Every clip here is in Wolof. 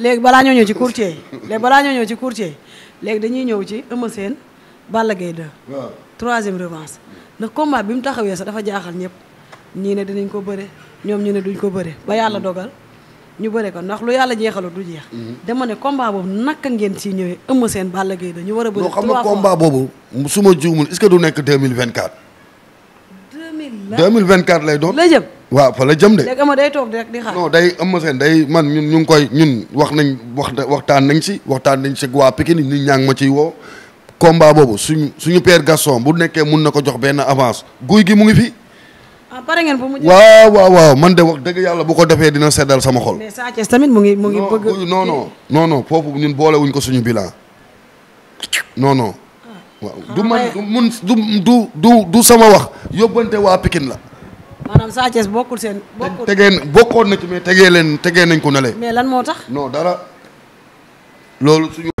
léegi balaa ñoo ñëw ci courtier léegi balaa ñoo ñëw ci courtier léegi dañuy ñëw ci Eumeu Sène Balla Gaye 2 waaw troisième revanche ndax combat bi mu taxawee sax dafa jaaxal ñëpp ñii ne dinañ ko bëre ñoom ñu ne duñ ko bëre ba yàlla mm-hmm. dogal ñu bëre ko ndax lu yàlla jeexalu du jeex mm-hmm. dama ne combat boobu naka ngeen ci ñëwee Eumeu seen Balla Gaye 2 ñu war a bëri xam nga combat boobu su ma juumul est-ce que du nekk vingt 2024 lay doon la jëm waaw fa jëm de. ama day toog rek di xaar. non day Eumeu ñun ñu ngi koy ñun wax nañ wax waxtaan nañ si waxtaan nañ si waa Pikine nit ñaa ngi ma ciy woo. combat boobu suñu suñu père bu nekkee mun na ko jox benn avance guy gi mu ngi fi. ah ngeen ba mu. waaw waaw man de wax dëgg yàlla bu ko defee dina seddal sama xol. mais Sa mu ngi mu ngi bëgg. non non non non foofu ñun boolewuñ ko suñu bilan non non. Ah. waaw ah, du du du sama wax yóbbante waa Pikine la. maanaam Sa Thiès bokkul seen. tegee bokkoon na ci mais tegee leen tegee nañ ko nale. mais lan moo tax. non dara loolu suñu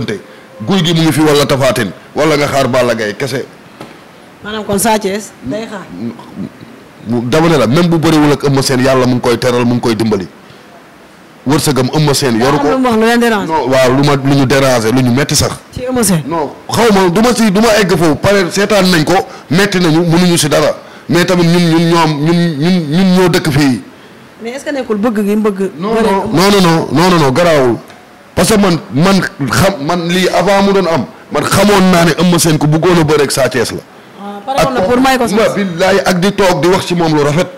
gi mu ngi fi wala tafaatin wala nga xaar Balla Gaye kese. maanaam mu dama ne la même bu bëriwul ak Eumeu Sène yàlla mu ngi koy teral mu ngi koy dimbali. wërsëgam Eumeu Sène yoru ko wax lu leen waaw lu ma lu ñu déranger metti sax. ci xaw ma du si du egg foofu pare seetaan nañ ko metti nañu mënuñu si dara. mais tamit ñun ñun ñoom ñun ñun ñun ñoo dëkk fii. mais est-ce que nekkul bëgg gi bëgg. non non non non non garaawul parce que man man xam man lii avant mu doon am man xamoon naa ne Eumeu Sène ku bëggoon a bëre ak Sa Thiès la. Ah, ak na pour may ko billaay ak di toog di wax ci moom lu rafet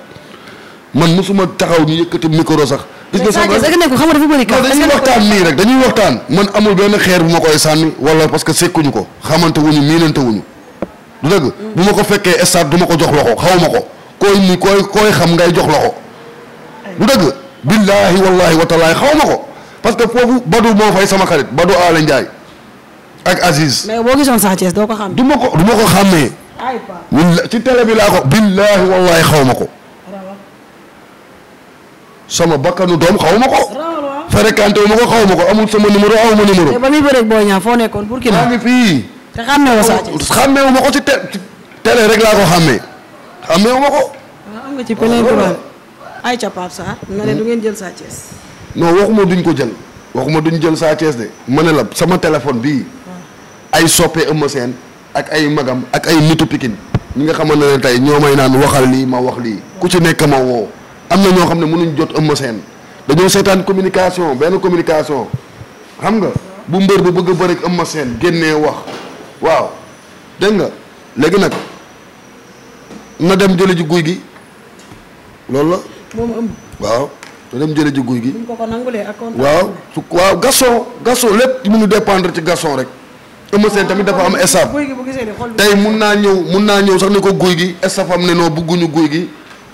man mosuma taxaw ñu yëkkati micro sax. gis nga sama xam nga dafa bëri dañuy waxtaan nii rek dañuy waxtaan. man amul benn xeer bu ma koy sànni wala parce que sekkuñu ko xamante wuñu miinante wuñu du dëgg bu ma ko fekkee stade du ma ko jox loxo xaw ma ko koy ni koy koy xam ngay jox loxo du dëgg billaahi wallaahi wa taalaa xaw ma ko parce que foofu Badou moo fay sama xarit Badou Alé Ndiaye ak Aziz. mais boo gisoon sax Thiès doo ko xam. du ma ko du ma ko xàmmee. ci télé bi laa ko. billaahi wallaahi xaw ma ko. sama bakkanu doom xaw ma ko. fréquenté wu ma ko xaw ma ko amul sama numéro aw ma numéro. mais ba muy bëreeg boo foo nekkoon Burkina. maa ngi te xàmmee wu Sathies. xàmmee wu ma ko ci télé rek laa ko xàmmee xàmmee ko. am nga ci plein droit nga ne du ngeen jël Sathies. Hmm. non waxuma duñ ko jël waxuma duñ jël Sathies de ma ne la sama téléphone bii. Hmm. ay soppe Eumeu Sène ak ay magam ak ay nitu Pikine ñi nga xamante ne tey ñoo may naan waxal lii ma wax lii ku ci nekk ma woo am na ñoo xam ne mënuñ jot Eumeu Sène dañoo seetaan communication benn communication xam nga bu mbër bu bëgg a bëri Eumeu Sène génnee wax waaw dégg nga léegi nag na dem jële ju guy gi loolu la. moom am waaw na dem jële guy gi. ko ko waaw su waaw gasson gasson lépp mënu dépendre ci gasson rek. Eumeu Sène tamit dafa am estaf tey mun naa ñëw mun naa ñëw sax ni ko guy gi estafam ne noo bëgguñu guy gi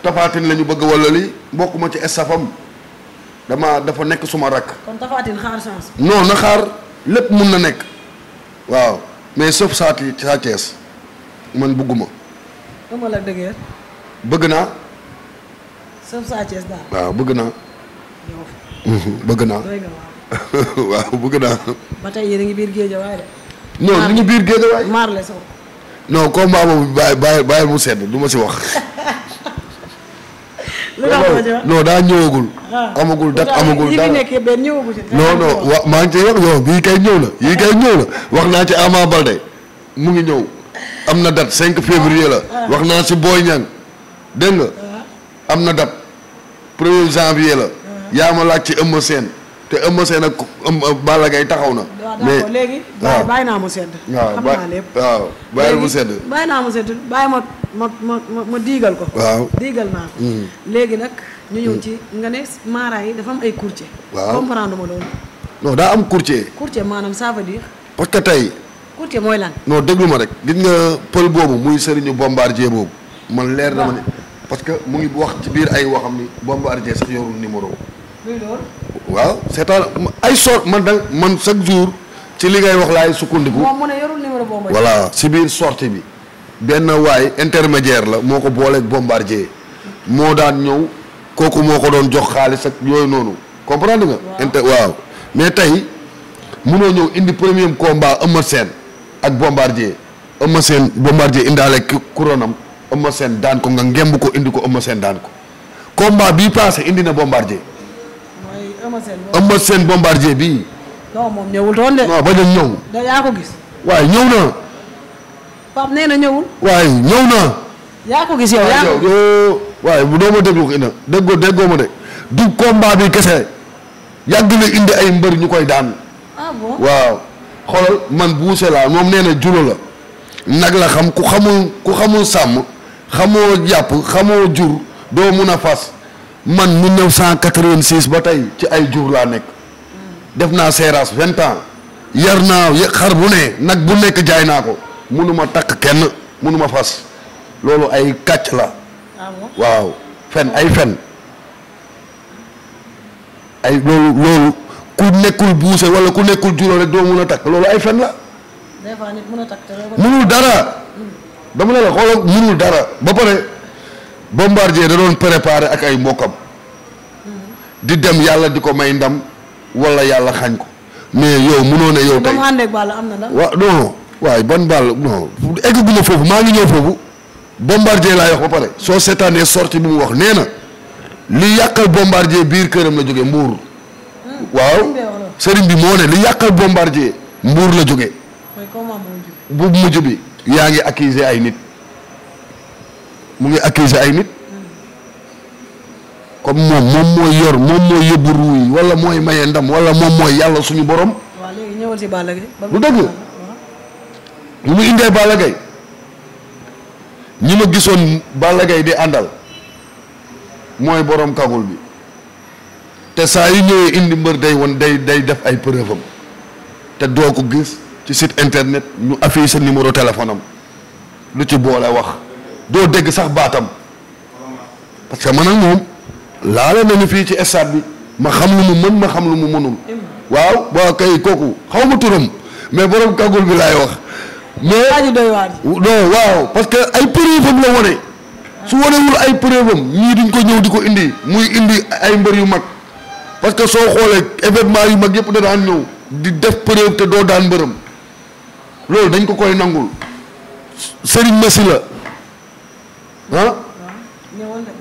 tafaatin la ñu bëgg wala li bokkuma ci estafam dama dafa nekk suma rakk. kon na xaar lépp mun na nekk waaw. mais sauf Sa Sa Thiès man bëgguma. dama la dëgër. bëgg naa. sauf waaw bëgg naa. Mhm, bëgg naa. waaw bëgg naa. ba a ngi biir géejawaay de. non ñu ngi biir géejawaay. la sax. non combat boobu bàyyi bàyyi mu sedd du ma si wax. non daa ñëwagul. Ah. amagul dat amagul dara non wa maa ngi cee wax yow bii kay ñëw na yii wax naa ci Ama Balde mu ngi ñëw am na date 5 février la ah. wax naa si booy Niang dégg ah. am na date premier janvier la yaa ma ci Eumeu seen te Eumeu seen ak euh, Balla taxaw na. mais waaw waaw bàyyi naa sedd ma ma ma diigal ko. waaw diigal naa ko. Hmm. léegi nag ñu ñëw hmm. ci nga ne maara yi dafa am ay courtier. waaw comprendre ma loolu. non daa am courtier. courtier maanaam ça veut dire. parce que tey. courtier mooy lan. non déglu ma rek. gis nga pël boobu muy sëriñu bombardier boobu. man leer na ma ne parce que mu ngi wax ci biir ay waxam ni bombardier sax yorul numéro. waaw seetaan ay sor man da man chaque jour ci li ngay wax laay sukkandiku. moom mu ne yorul numéro bombardier. voilà si biir sortie bi. benn waay intermédiaire la moo ko booleeg bombardier moo daan ñëw kooku moo ko doon jox xaalis ak yooyu noonu comprendre nga. inter waaw mais tey munoo ñëw indi premier combat Eumeu Sène ak bombardier Eumeu Sène bombardier indaale kuronam Eumeu Sène daan ko nga ngemb ko indi ko Eumeu Sène daan ko combat bii passé indi na bombardier. mooy Eumeu Sène. bombardier bii. non moom ñëwul ñëw. waaye ñëw na. Pape nee na ñëwul. waaye ñëw naa. yaa ko waaye bu doo ma déglu ko ina déggoo déggoo ma de du combat bi kese yàgg na indi ay mbër ñu koy daan. ah bon waaw. xoolal man buuse laa moom nee na jula la nag la xam ku xamu ku xamul sàmm xamoo jàpp xamoo jur doo mun a fas man mu new cent 1986 ba tey ci ay jur laa nekk hmm. def naa seeraas vingt ans yar naa xar bu ne nag bu nekk jaay naa ko mënuma takk kenn mënuma fas loolu ay kàcc la ah waaw fen ay fen ay loolu loolu ku nekkul buuse wala ku nekkul juróom rek doo mun a takk loolu ay fen la munul dara dama ne la xoolal munul dara ba pare bombardier da doon préparé ak ay mbokkam mhm. di dem yàlla di ko may ndam wala yàlla xañ ko mais yow munoo ne yow tey waaw non waaye ban balle non eggaguñu foofu maa ngi ñëw foofu bombardier laay wax ba pare soo seetaanee sorti bi mu wax nee na li yàqal bombardier biir këram la jóge mbuur waaw sëriñ bi moo ne li yàqal bombardier mbuur la jóge bu mujj bi yaa ngi accuser ay nit mu ngi accuser ay nit kon moom moom mooy yor moom mooy yóbbu ruu yi wala mooy maye ndam wala moom mooy yàlla suñu borom. lu dëgg. bu mu indee Balla Gaye ñi ma gisoon Balla Gaye di àndal mooy boroom kagul bi te saa yi ñëwee indi mbër day won day day def ay preuve te doo ko gis ci site internet ñu affiché sa numéro téléphone lu ci boole wax doo dégg sax baatam parce que man ak moom laale nañu fii ci stade bi ma xam lu mu mën ma xam lu mu mënul mm. waaw waaw kay kooku xaw ma turam mais borom kagul bi laay wax mais non waaw parce que ay preuve am la wane su wanewul ay preuve ñii duñ ko ñëw di ko indi muy indi ay mbër yu mag parce que soo xoolee événement yu mag yëpp da daan ñëw di def preuve te doo daan mbërëm loolu dañ ko koy nangul Serigne Messi la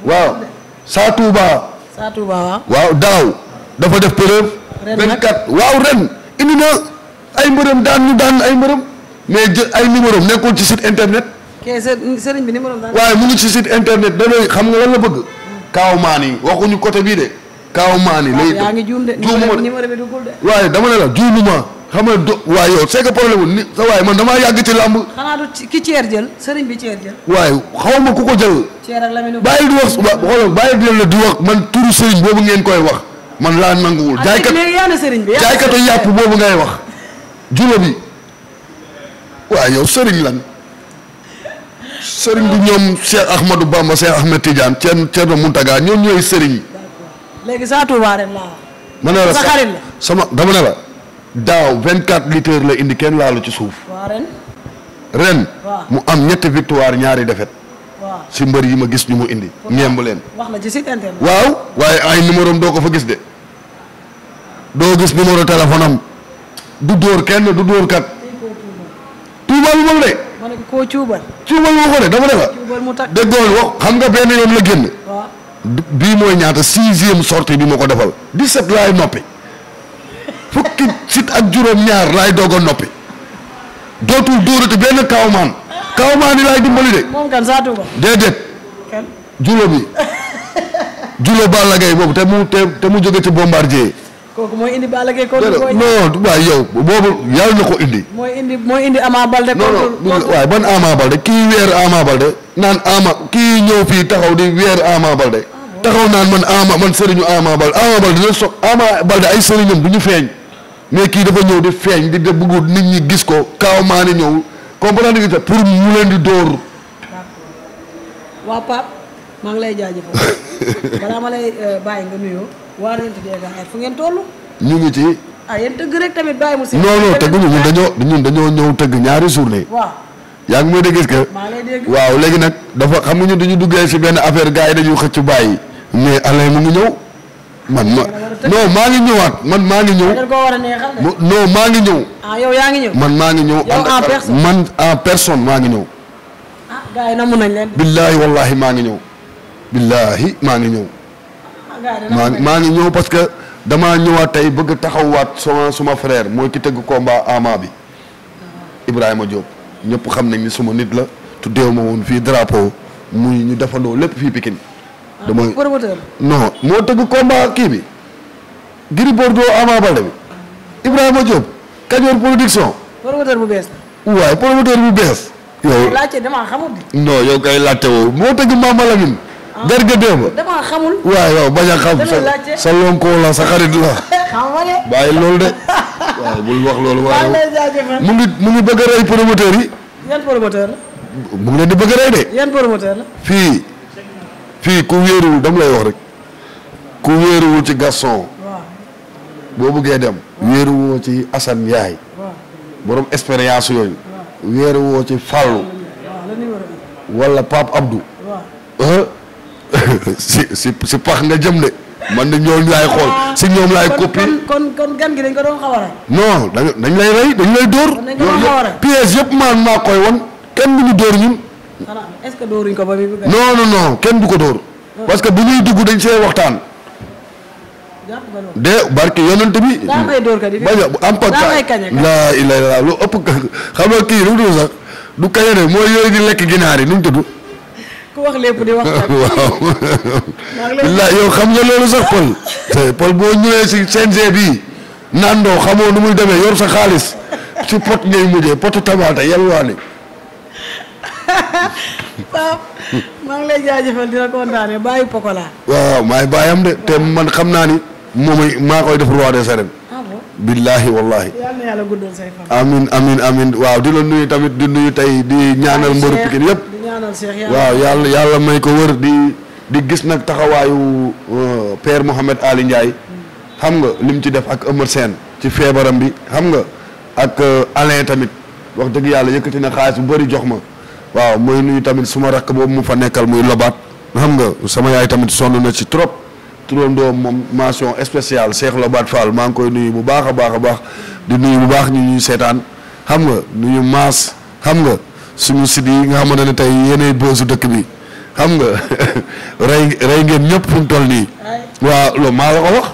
waaw Saa Touba waaw daaw dafa def preuve vingt-quatre waaw ren indi na ay mbërëm daan ñu daan ay mbërëm mais jël ay numéro nekkul ci site internet. kee sëriñ bi numéro waaye mu ngi ci site internet danay xam nga lan la bëgg. Kaaw Maani waxuñu côté bii de. Kaaw Maani lay ah, yaa ngi juum de numéro bi duggul de. waaye dama ne la juumuma xam nga do waaye yow c'est que problème wu ni waaye man damaa yàgg ci làmb. xanaa du ki ceer jël sëriñ bi ceer jël. waaye xaw ma ku ko jël. ceer ak Lamine bàyyi di wax ba xoolal bàyyi di la di wax man turu sëriñ boobu ngeen koy wax man laa nanguwul. Ah, jaaykat jaaykat yàpp boobu ngay wax julo bi waaw yow sëriñ lan sëriñ bi ñoom Cheikh Ahmadou Bamba Cheikh Ahmed Tidiane Thierno Thierno Mountaga ñoom ñooy sëriñ. léegi saa ma ne la sa xarit la sama dama ne la daaw 24 litres la indi kenn laalu ci suuf. ren. mu am ñetti victoire ñaari defet waaw si mbër yi ma gis ñu mu indi. ñeemb leen. waaw waaye ay numéro am doo ko fa gis de. doo gis numéro téléphone du dóor kenn du dóor dañ koo cuubal. cuubal woo ko de dama ne la. cuubal mu tàkk déggoon wax nga benn yoon la génn. bii mooy ñaata sixième sortie bi ma ko defal. 17 laay noppi fukki sit ak juróom-ñaar laay doog noppi dootul dóorati benn kawmaan. kawmaan yi laay dimbali de. moom kan saa tuuba. déedéet. kan julo te mu te mu bombardier. kooku mooy indi Balla Gaye contre Boy Niang non waaye yow boobu yàlla na ko indi. mooy indi mooy indi kii weer Ama Baldé naan Ama kii ñëw fii taxaw di weer Ama Baldé. Ah, taxaw naan man Ama man sëriñu Ama Baldé Ama Baldé dina soog Ama Baldé du ñu feeñ. mais kii dafa ñëw di feeñ di bëggu nit ñi gis ko kaaw maa ñëw comprendre nga pour mu leen di dóor. waaw ñu ngi ci. ah yéen tëgg rek tamit dañoo ñëw tëgg ñaari journée. waaw yaa ngi may dégg gis ce waaw léegi nag dafa xam nga ñun dañu duggee si benn affaire gars yi dañuy xëcc bàyyi mais Alain mu ngi ñëw man ma non maa ngi ñëwaat man maa ngi ñëw. Ah, non maa ah, ngi ñëw. man maa ngi ñëw. man personne maa ngi ñëw. ah gars yi namu nañ billaahi wallaahi maa ngi ñëw. billaahi maa ngi ñëw maa maa ngi ñëw parce que damaa ñëwaat tey bëgg taxawaat sama suma frère moo ci tëgg combat ama bi Ibrahima Diop ñëpp xam nañ ni suma nit la tu tuddeew ma woon fii drapeau muy ñu defandoo lépp fii Pikine ah, dama non moo tëgg combat kii bi Gris Bordeaux Ama Baldé bi Ibrahima Diop Kajoor production promoteur yow laajte damaa xamul moo tëgg Mama Garga ah. Demba. damaa waaw bañ a xam. sa sa lonkoo la sa xarit la. bàyyi loolu de. waaw bul wax loolu. waaw mu ngi mu ngi bëgg rey promoteur yi. mu ngi leen di bëgg rey de. fii fii ku wéeruwul dama lay wax rek ku wéeruwul ci Gaston. boo bëggee dem. wéeruwoo ci Assane Yaay. borom expérience yooyu. wéeruwoo ci Fallou. wala Pape Abdou. si si si pax nga jëm de man de ñoom laay xool ah. si ñoom laay copie kon kon gan dañ ko doon a rey non dañ dañ lay rey dañ lay dóor pièce yëpp maan maa koy won kenn du ñu dóor ñun est-ce que ko ba muy non kenn du ko dóor ah. parce que bu ñuy dugg dañ see waxtaan de barke yonent bi bañ am pakaay laa ilaaha illallaah lu ëpp xam nga kii lu mu tudd sax du kaña de mooy yooyu di lekk ginaar yi nu mu tudd ku wax yow xam nga loolu sax Paul. te Paul boo ñëwee si CNG bii naan doo xamoo nu muy demee yor sa xaalis ci pot ngay mujjee potu tamaate yalwaani. Pape maa ngi lay de te man xam naa ni moomay maa koy def roi des arènes. Ah wallahi yal na waaw di la nuyu tamit di nuyu tey di ñaanal mbëru Pikine yëpp. waaw yàlla yàlla may ko wër di di gis nag taxawaayu euh, père Mouhamed Ali Ndiaye xam nga lim ci def ak Eumeu Sène ci feebaram bi xam nga ak euh, Alain tamit wax dëgg yàlla yëkkati na xaalis bu bëri jox ma waaw mooy nuyu tamit suma rakk boobu mu fa nekkal muy lobaat xam nga sama yaay tamit sonn na ci trop turandoo moom mention spéciale Cheikh Lobaat Fall maa ngi koy nuyu bu baax a baax a baax di nuyu bu baax ñu ñuy seetaan xam nga nuyu maas xam nga suñu site yi nga xamante ne tey yéenay boosu dëkk bi xam nga rey rey ngeen ñëpp fu mu toll nii. waaw loolu maa la ko wax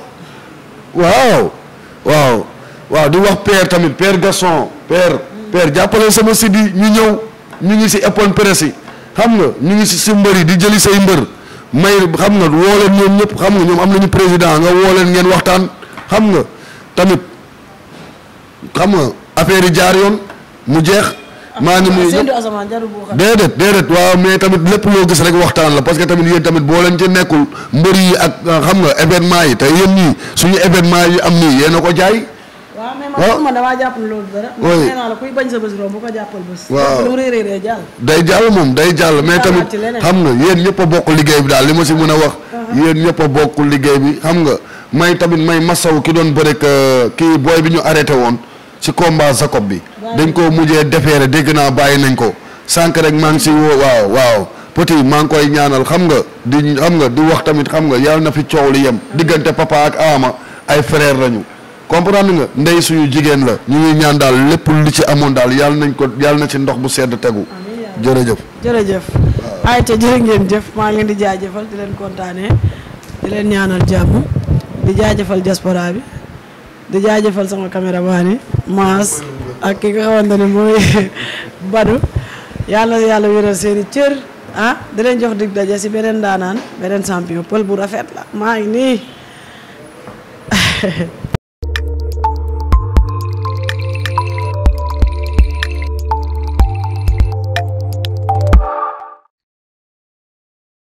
waaw. waaw du wax père tamit père Gaston père. père jàppale sama site yi ñu ñëw ñu ngi si épon presse yi xam nga ñu ngi si si mbër yi di jëli say mbër may xam nga woo leen ñoom ñëpp xam nga ñoom am nañu président nga woo leen ngeen waxtaan xam nga tamit xam nga affaire yi jaar yoon mu jeex. maa ngi muy déedéet déedéet waaw mais tamit lépp loo gis rek waxtaan la parce que tamit yéen tamit boo leen ci nekkul mbër yi ak ah, xam nga événement yi te yéen ñii suñu événement yi am nii yéen a ko jaay. waaw mais day jàll. moom day jàll mais tamit xam nga yéen ñëpp a bokk liggéey bi daal li ma si mën a wax. Uh-huh. yéen ñëpp a bokk liggéey bi xam nga may tamit may masaw ki doon bëre euh, ki booy bi ñu arrêté woon ci combat Jacob bi dañ koo mujjee defeere dégg naa bàyyi nañ ko sànq rek maa ngi si woo waaw waaw petit maa ngi koy ñaanal xam nga di xam nga di wax tamit xam nga yàlla na fi coow li yem diggante papa ak ama ay frère lañu comprendre nga ndey suñu jigéen la ñu ngi ñaan daal lépp li ci amoon daal yàlla nañ ko yàlla na ci ndox bu sedd tegu jërëjëf jërëjëf ayca jërë ngeen jëf maa ngi leen di jaajëfal di leen kontaane di leen ñaanal jàmm di jaajëfal diaspora bi di jaajëfal sama caméraman ak ki nga xamante ne mooy Badou yàlla yàlla wéral seen i cër ah di jox dig daje si beneen daanaan beneen champion pël bu rafet la maa ngi nii